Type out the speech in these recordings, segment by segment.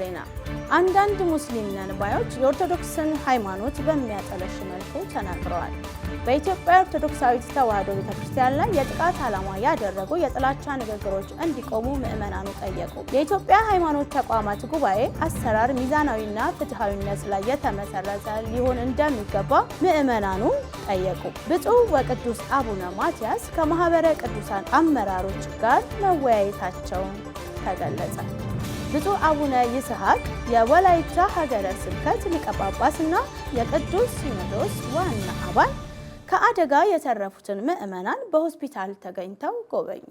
ዜና አንዳንድ ሙስሊም ነንባዮች የኦርቶዶክስን ሃይማኖት በሚያጠለሽ መልኩ ተናግረዋል። በኢትዮጵያ ኦርቶዶክሳዊት ተዋሕዶ ቤተክርስቲያን ላይ የጥቃት ዓላማ ያደረጉ የጥላቻ ንግግሮች እንዲቆሙ ምዕመናኑ ጠየቁ። የኢትዮጵያ ሃይማኖት ተቋማት ጉባኤ አሰራር ሚዛናዊና ፍትሐዊነት ላይ የተመሰረተ ሊሆን እንደሚገባ ምዕመናኑ ጠየቁ። ብፁዕ ወቅዱስ አቡነ ማትያስ ከማኅበረ ቅዱሳን አመራሮች ጋር መወያየታቸውን ተገለጸ። ብፁዕ አቡነ ይስሐቅ የወላይታ ሀገረ ስብከት ሊቀ ጳጳስና የቅዱስ ሲኖዶስ ዋና አባል ከአደጋ የተረፉትን ምዕመናን በሆስፒታል ተገኝተው ጎበኙ።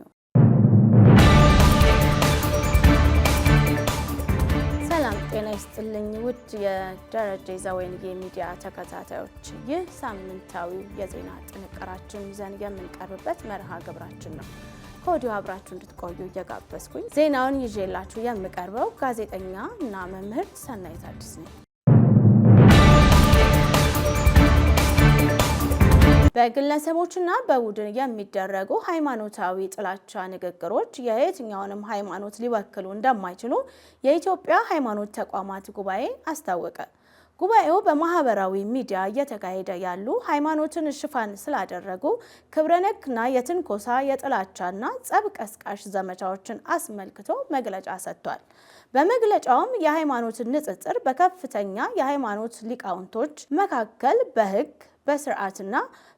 ሰላም ጤና ይስጥልኝ። ውድ የደረጀ ዘወይን የሚዲያ ተከታታዮች፣ ይህ ሳምንታዊ የዜና ጥንቅራችን ይዘን የምንቀርብበት መርሃ ግብራችን ነው። ከወዲሁ አብራችሁ እንድትቆዩ እየጋበዝኩኝ ዜናውን ይዤላችሁ የምቀርበው ጋዜጠኛ እና መምህር ሰናይት አዲስ ነኝ። በግለሰቦችና በቡድን የሚደረጉ ሃይማኖታዊ ጥላቻ ንግግሮች የየትኛውንም ሃይማኖት ሊወክሉ እንደማይችሉ የኢትዮጵያ ሃይማኖት ተቋማት ጉባኤ አስታወቀ። ጉባኤው በማህበራዊ ሚዲያ እየተካሄደ ያሉ ሃይማኖትን ሽፋን ስላደረጉ ክብረነክና የትንኮሳ የጥላቻና ጸብ ቀስቃሽ ዘመቻዎችን አስመልክቶ መግለጫ ሰጥቷል። በመግለጫውም የሃይማኖትን ንጽጽር በከፍተኛ የሃይማኖት ሊቃውንቶች መካከል በህግ በስርዓትና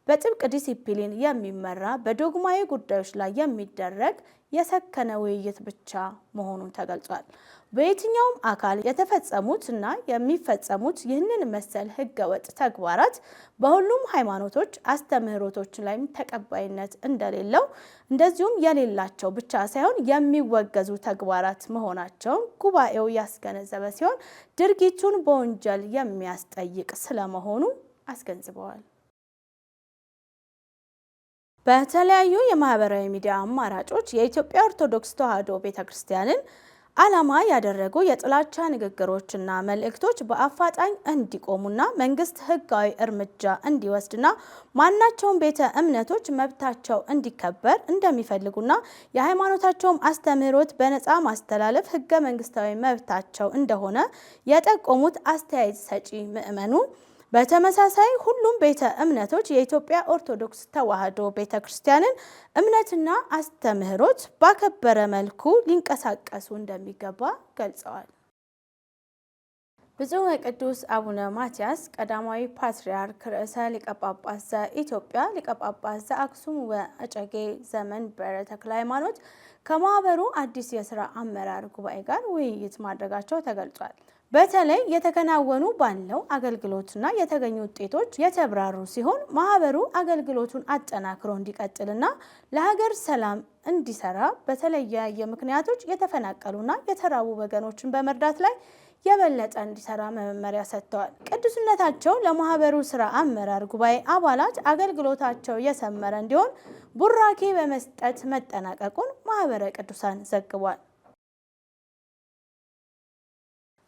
በጥብቅ ዲሲፕሊን የሚመራ በዶግማዊ ጉዳዮች ላይ የሚደረግ የሰከነ ውይይት ብቻ መሆኑን ተገልጿል። በየትኛውም አካል የተፈጸሙት እና የሚፈጸሙት ይህንን መሰል ህገወጥ ተግባራት በሁሉም ሃይማኖቶች አስተምህሮቶች ላይም ተቀባይነት እንደሌለው እንደዚሁም የሌላቸው ብቻ ሳይሆን የሚወገዙ ተግባራት መሆናቸውን ጉባኤው ያስገነዘበ ሲሆን ድርጊቱን በወንጀል የሚያስጠይቅ ስለመሆኑ አስገንዝበዋል። በተለያዩ የማህበራዊ ሚዲያ አማራጮች የኢትዮጵያ ኦርቶዶክስ ተዋሕዶ ቤተ ክርስቲያንን ዓላማ ያደረጉ የጥላቻ ንግግሮችና መልእክቶች በአፋጣኝ እንዲቆሙና መንግስት ሕጋዊ እርምጃ እንዲወስድና ማናቸውም ቤተ እምነቶች መብታቸው እንዲከበር እንደሚፈልጉና የሃይማኖታቸውም አስተምህሮት በነፃ ማስተላለፍ ሕገ መንግስታዊ መብታቸው እንደሆነ የጠቆሙት አስተያየት ሰጪ ምእመኑ በተመሳሳይ ሁሉም ቤተ እምነቶች የኢትዮጵያ ኦርቶዶክስ ተዋሕዶ ቤተ ክርስቲያንን እምነትና አስተምህሮት ባከበረ መልኩ ሊንቀሳቀሱ እንደሚገባ ገልጸዋል። ብፁዕ ወቅዱስ አቡነ ማትያስ ቀዳማዊ ፓትርያርክ ርዕሰ ሊቀጳጳስ ዘኢትዮጵያ ሊቀጳጳስ ጳጳስ ዘአክሱም ወእጨጌ ዘመንበረ ተክለ ሃይማኖት ከማህበሩ አዲስ የስራ አመራር ጉባኤ ጋር ውይይት ማድረጋቸው ተገልጿል። በተለይ የተከናወኑ ባለው አገልግሎትና የተገኙ ውጤቶች የተብራሩ ሲሆን ማህበሩ አገልግሎቱን አጠናክሮ እንዲቀጥልና ለሀገር ሰላም እንዲሰራ በተለያየ ምክንያቶች የተፈናቀሉና የተራቡ ወገኖችን በመርዳት ላይ የበለጠ እንዲሰራ መመሪያ ሰጥተዋል። ቅዱስነታቸው ለማህበሩ ስራ አመራር ጉባኤ አባላት አገልግሎታቸው የሰመረ እንዲሆን ቡራኬ በመስጠት መጠናቀቁን ማህበረ ቅዱሳን ዘግቧል።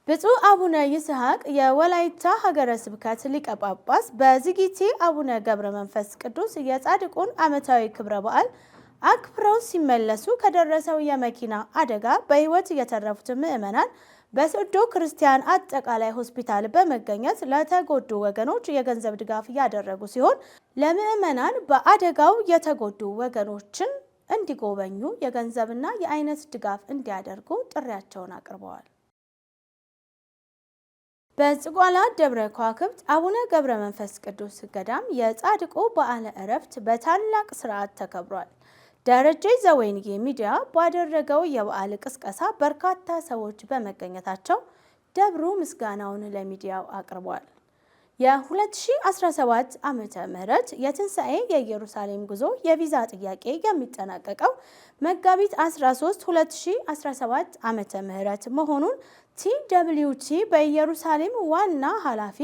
ብፁዕ አቡነ ይስሐቅ የወላይታ ሀገረ ስብከት ሊቀ ጳጳስ በዝጊቲ አቡነ ገብረ መንፈስ ቅዱስ የጻድቁን ዓመታዊ ክብረ በዓል አክብረው ሲመለሱ ከደረሰው የመኪና አደጋ በሕይወት የተረፉት ምዕመናን በሶዶ ክርስቲያን አጠቃላይ ሆስፒታል በመገኘት ለተጎዱ ወገኖች የገንዘብ ድጋፍ እያደረጉ ሲሆን ለምዕመናን በአደጋው የተጎዱ ወገኖችን እንዲጎበኙ የገንዘብና የአይነት ድጋፍ እንዲያደርጉ ጥሪያቸውን አቅርበዋል። በጽጓላ ደብረ ከዋክብት አቡነ ገብረ መንፈስ ቅዱስ ገዳም የጻድቁ በዓለ ዕረፍት በታላቅ ስርዓት ተከብሯል። ደረጀ ዘወይንዬ ሚዲያ ባደረገው የበዓል ቅስቀሳ በርካታ ሰዎች በመገኘታቸው ደብሩ ምስጋናውን ለሚዲያው አቅርቧል። የ2017 ዓመተ ምህረት የትንሣኤ የኢየሩሳሌም ጉዞ የቪዛ ጥያቄ የሚጠናቀቀው መጋቢት 13 2017 ዓመተ ምህረት መሆኑን ቲደብሊዩቲ በኢየሩሳሌም ዋና ኃላፊ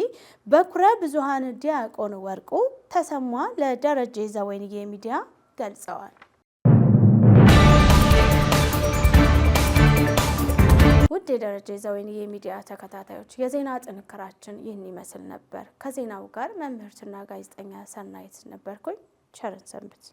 በኩረ ብዙሃን ዲያቆን ወርቁ ተሰማ ለደረጀ ዘወይንዬ ሚዲያ ገልጸዋል። ውድ የደረጀ ዘወይንዬ የሚዲያ ተከታታዮች የዜና ጥንክራችን ይህን ይመስል ነበር። ከዜናው ጋር መምህርትና ጋዜጠኛ ሰናይት ነበርኩኝ። ቸርን ሰንብት።